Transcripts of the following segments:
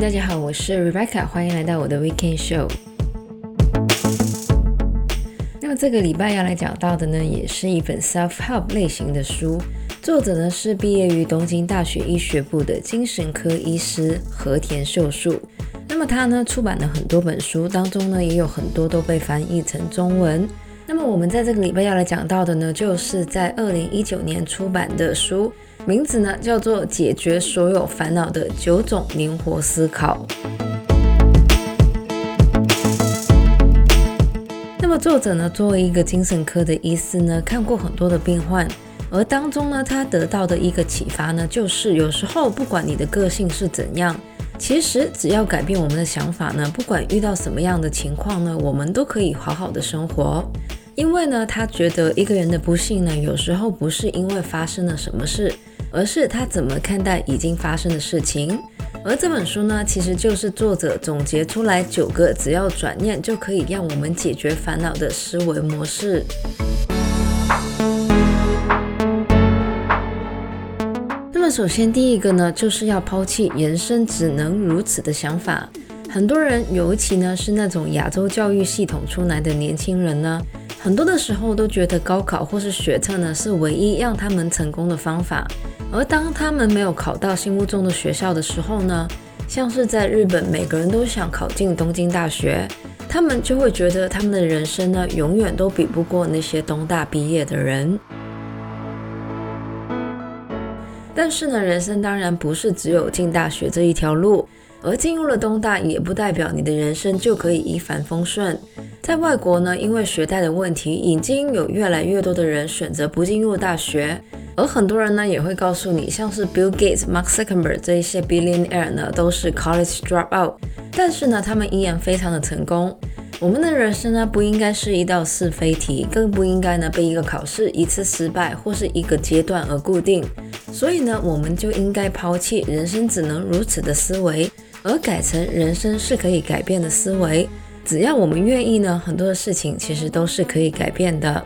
大家好，我是 Rebecca，歡迎來到我的 Weekend Show。那麼這個禮拜要來講到的呢，也是一本 self help 類型的書，作者呢是畢業於東京大學醫學部的精神科醫師和田秀樹。那麼他呢出版了很多本書，當中呢也有很多都被翻譯成中文。那麼我們在這個禮拜要來講到的呢，就是在二零一九年出版的書。名字呢，叫做解決所有煩惱的九種靈活思考。那麼作者呢，作為一個精神科的醫師呢，看過很多的病患，而當中呢，他得到的一個啟發呢，就是有時候不管你的個性是怎樣，其實只要改變我們的想法呢，不管遇到什麼樣的情況呢，我們都可以好好的生活。因為呢，他覺得一個人的不幸呢，有時候不是因為發生了什麼事。而是他怎麼看待已經發生的事情，而這本書呢，其實就是作者總結出來九個只要轉念就可以讓我們解決煩惱的思維模式。 那麼，首先第一個呢，就是要拋棄“人生只能如此”的想法。很多人，尤其呢是那種亞洲教育系統出來的年輕人呢。很多的時候都覺得高考或是學測呢是唯一讓他們成功的方法，而當他們沒有考到心目中的學校的時候呢，像是在日本，每個人都想考進東京大學，他們就會覺得他們的人生呢永遠都比不過那些東大畢業的人。但是呢，人生當然不是只有進大學這一條路，而進入了東大也不代表你的人生就可以一帆風順。在外國呢，因為學貸的問題，已經有越來越多的人選擇不進入大學。而很多人呢，也會告訴你，像是 Bill Gates、Mark Zuckerberg 這一些 Billionaire 呢，都是 College Dropout。但是呢，他們依然非常的成功。我們的人生呢，不應該是一道是非題，更不應該呢，被一個考試、一次失敗或是一個階段而固定。所以呢，我們就應該拋棄“人生只能如此”的思維，而改成“人生是可以改變”的思維。只要我們願意呢，很多的事情其實都是可以改變的。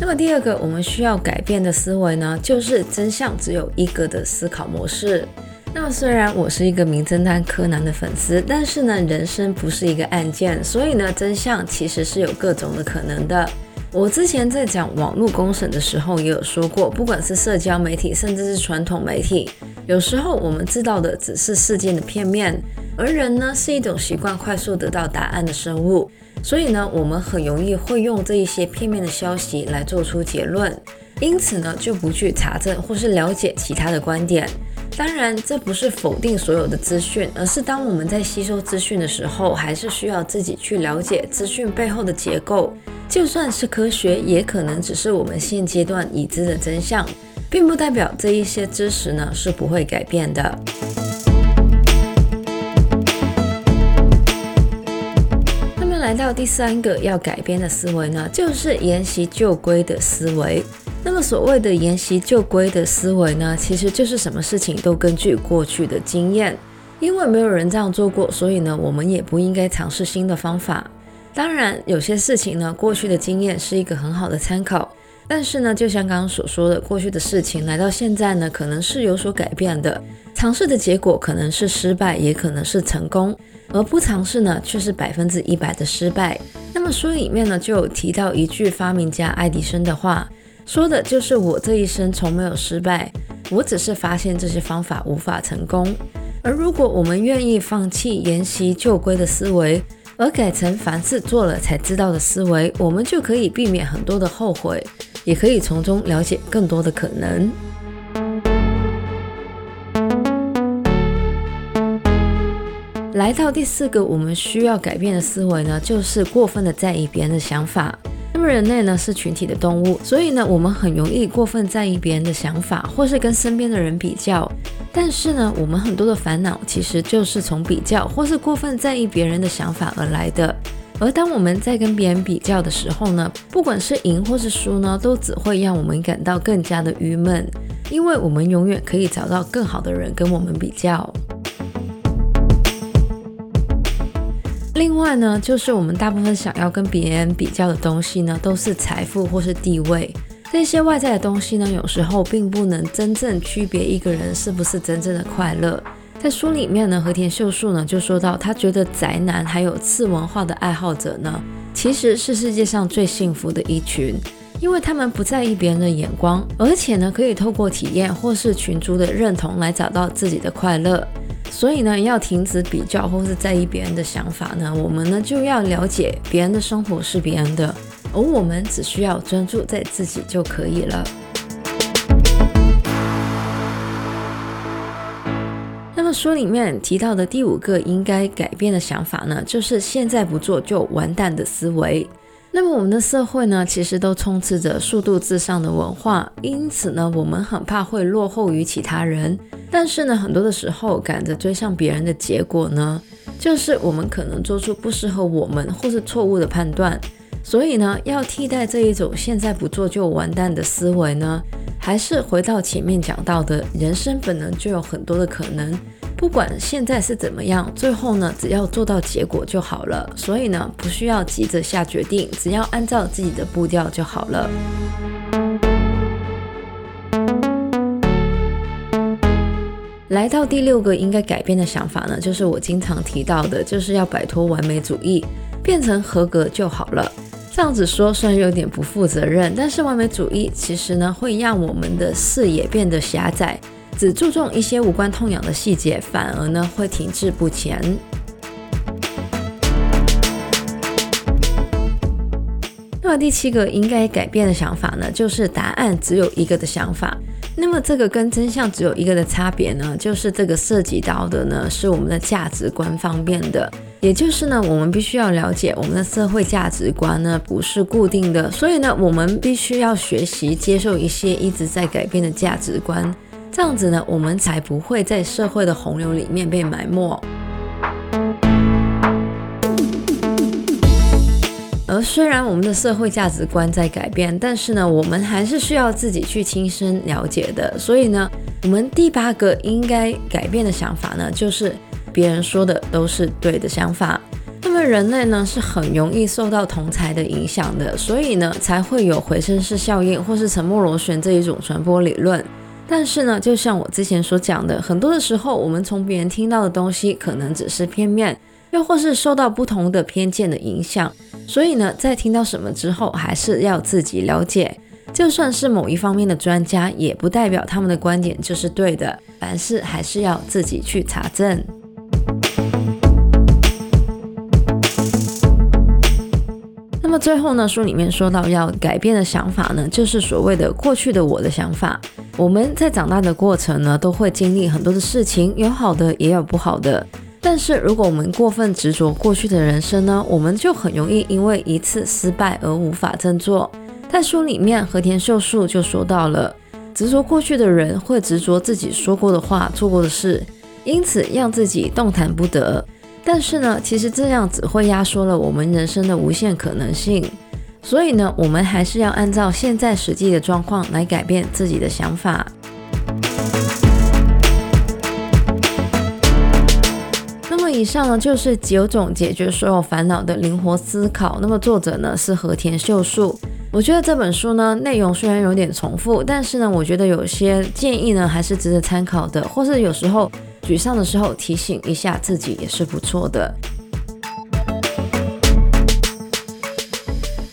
那麼第二個我們需要改變的思維呢，就是真相只有一個的思考模式。那麼雖然我是一個名偵探柯南的粉絲，但是呢，人生不是一個案件，所以呢，真相其實是有各種的可能的。我之前在講網絡公審的時候，也有說過，不管是社交媒體，甚至是傳統媒體，有時候我們知道的只是事件的片面，而人呢，是一種習慣快速得到答案的生物，所以呢，我們很容易會用這一些片面的消息來做出結論，因此呢，就不去查證或是了解其他的觀點。當然，這不是否定所有的資訊，而是當我們在吸收資訊的時候，還是需要自己去了解資訊背後的結構。就算是科學，也可能只是我們現階段已知的真相，並不代表這一些知識呢是不會改變的。那麼，來到第三個要改變的思維呢，就是沿襲舊規的思維。那麼所謂的沿襲舊規的思維呢，其實就是什麼事情都根據過去的經驗，因為沒有人這樣做過，所以呢，我們也不應該嘗試新的方法。當然，有些事情呢，過去的經驗是一個很好的參考。但是呢，就像剛剛所說的，過去的事情來到現在呢，可能是有所改變的，嘗試的結果可能是失敗，也可能是成功。而不嘗試呢，卻是百分之一百的失敗。那麼書裡面呢，就有提到一句發明家愛迪生的話。說的就是，我這一生從沒有失敗，我只是發現這些方法無法成功。而如果我們願意放棄沿襲舊規的思維，而改成凡事做了才知道的思維，我們就可以避免很多的後悔，也可以從中了解更多的可能。來到第四個我們需要改變的思維呢，就是過分的在意別人的想法。那麼人類呢，是群體的動物，所以呢，我們很容易過分在意別人的想法，或是跟身邊的人比較。但是呢，我們很多的煩惱其實就是從比較或是過分在意別人的想法而來的。而當我們在跟別人比較的時候呢，不管是贏或是輸呢，都只會讓我們感到更加的鬱悶，因為我們永遠可以找到更好的人跟我們比較。另外呢，就是我們大部分想要跟別人比較的東西呢，都是財富或是地位這些外在的東西呢，有時候並不能真正區別一個人是不是真正的快樂。在書裡面呢，和田秀樹呢就說到，他覺得宅男還有次文化的愛好者呢，其實是世界上最幸福的一群，因爲他們不在意別人的眼光，而且呢，可以透過體驗或是群族的認同來找到自己的快樂。所以呢，要停止比較或是在意別人的想法呢，我們呢就要了解別人的生活是別人的，而我們只需要專注在自己就可以了。 那麼書裡面提到的第五個應該改變的想法呢，就是現在不做就完蛋的思維。那麼我們的社會呢，其實都充斥着速度至上的文化，因此呢，我們很怕會落後於其他人。但是呢，很多的時候趕着追上別人的結果呢，就是我們可能做出不適合我們或是錯誤的判斷。所以呢，要替代這一種現在不做就完蛋的思維呢，還是回到前面講到的人生本能就有很多的可能。不管現在是怎麼樣，最後呢，只要做到結果就好了。所以呢，不需要急着下決定，只要按照自己的步調就好了。來到第六個應該改變的想法呢，就是我經常提到的，就是要擺脫完美主義，變成合格就好了。這樣子說雖然有點不負責任，但是完美主義其實呢會讓我們的視野變得狹窄。只注重一些無關痛癢的細節，反而呢會停滯不前。那麼第七個應該改變的想法呢，就是答案只有一個的想法。那麼這個跟真相只有一個的差別呢，就是這個涉及到的呢是我們的價值觀方面的，也就是呢我們必須要了解我們的社會價值觀呢不是固定的，所以呢我們必須要學習接受一些一直在改變的價值觀。這樣子呢，我們才不會在社會的洪流裡面被埋沒。而雖然我們的社會價值觀在改變，但是呢，我們還是需要自己去親身了解的。所以呢，我們第八個應該改變的想法呢，就是別人說的都是對的想法。那麼人類呢，是很容易受到同儕的影響的，所以呢，才會有回聲室效應或是沉默螺旋這一種傳播理論。但是呢，就像我之前所講的，很多的時候，我們從別人聽到的東西可能只是片面，又或是受到不同的偏見的影響。所以呢，在聽到什麼之後，還是要自己了解。就算是某一方面的專家，也不代表他們的觀點就是對的，凡事還是要自己去查證。那麼最後呢，書裡面說到要改變的想法呢，就是所謂的過去的我的想法。我們在長大的過程呢，都會經歷很多的事情，有好的也有不好的。但是如果我們過分執着過去的人生呢，我們就很容易因為一次失敗而無法振作。在書裡面，和田秀樹就說到了，執着過去的人會執着自己說過的話、做過的事，因此讓自己動彈不得。但是呢，其實這樣只會壓縮了我們人生的無限可能性。所以呢，我們還是要按照現在實際的狀況來改變自己的想法。那麼以上呢，就是九種解決所有煩惱的靈活思考。那麼作者呢，是和田秀樹。我覺得這本書呢，內容雖然有點重複，但是呢，我覺得有些建議呢，還是值得參考的，或是有時候沮喪的時候提醒一下自己，也是不錯的。